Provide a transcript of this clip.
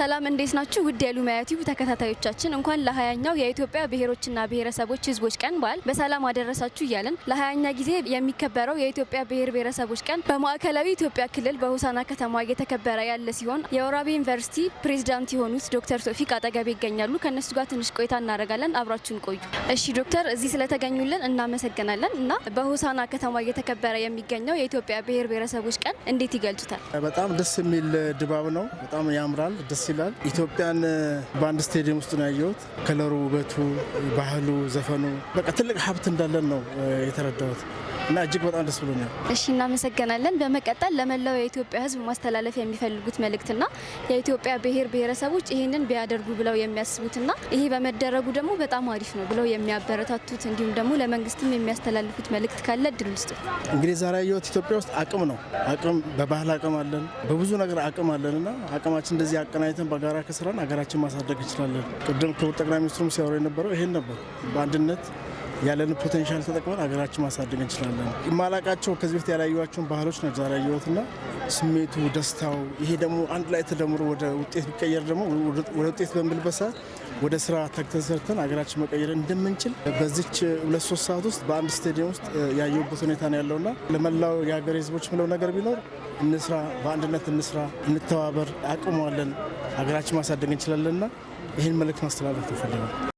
ሰላም እንዴት ናችሁ? ውድ ያሉ ማያቲው ተከታታዮቻችን እንኳን ለሀያኛው የኢትዮጵያ ብሔሮችና ብሔረሰቦች ህዝቦች ቀን በዓል በሰላም አደረሳችሁ እያለን ለሀያኛ ጊዜ የሚከበረው የኢትዮጵያ ብሔር ብሔረሰቦች ቀን በማዕከላዊ ኢትዮጵያ ክልል በሆሳና ከተማ እየተከበረ ያለ ሲሆን የወራቤ ዩኒቨርሲቲ ፕሬዚዳንት የሆኑት ዶክተር ቶፊቅ አጠገቤ ይገኛሉ። ከእነሱ ጋር ትንሽ ቆይታ እናደርጋለን። አብራችሁን ቆዩ። እሺ ዶክተር፣ እዚህ ስለተገኙልን እናመሰግናለን። እና በሆሳና ከተማ እየተከበረ የሚገኘው የኢትዮጵያ ብሔር ብሔረሰቦች ቀን እንዴት ይገልጹታል? በጣም ደስ የሚል ድባብ ነው። በጣም ያምራል። ደስ ይላል። ኢትዮጵያን በአንድ ስቴዲየም ውስጥ ነው ያየሁት። ከለሩ፣ ውበቱ፣ ባህሉ፣ ዘፈኑ በቃ ትልቅ ሀብት እንዳለን ነው የተረዳሁት። እና እጅግ በጣም ደስ ብሎኛል። እሺ እናመሰግናለን። በመቀጠል ለመላው የኢትዮጵያ ሕዝብ ማስተላለፍ የሚፈልጉት መልእክትና የኢትዮጵያ ብሔር ብሔረሰቦች ይህንን ቢያደርጉ ብለው የሚያስቡትና ይሄ በመደረጉ ደግሞ በጣም አሪፍ ነው ብለው የሚያበረታቱት እንዲሁም ደግሞ ለመንግስትም የሚያስተላልፉት መልእክት ካለ ድል ውስጥ እንግዲህ ዛሬ ያየሁት ኢትዮጵያ ውስጥ አቅም ነው። አቅም በባህል አቅም አለን፣ በብዙ ነገር አቅም አለን እና አቅማችን እንደዚህ አቀናኝተን በጋራ ከስራን ሀገራችን ማሳደግ እንችላለን። ቅድም ክቡር ጠቅላይ ሚኒስትሩም ሲያወሩ የነበረው ይሄን ነበር በአንድነት ያለን ፖቴንሻል ተጠቅመን ሀገራችን ማሳደግ እንችላለን። ማላቃቸው ከዚህ በፊት ያላየኋቸውን ባህሎች ነው ዛሬ ያየሁትና ስሜቱ፣ ደስታው ይሄ ደግሞ አንድ ላይ ተደምሮ ወደ ውጤት ቢቀየር ደግሞ ወደ ውጤት በምልበት ሰዓት ወደ ስራ ተግተን ሰርተን ሀገራችን መቀየር እንደምንችል በዚች ሁለት ሶስት ሰዓት ውስጥ በአንድ ስቴዲየም ውስጥ ያየሁበት ሁኔታ ነው ያለውና ለመላው የሀገር ህዝቦች ምለው ነገር ቢኖር እንስራ፣ በአንድነት እንስራ፣ እንተባበር፣ አቅሟለን ሀገራችን ማሳደግ እንችላለንና ይህን መልእክት ማስተላለፍ ተፈልጋል።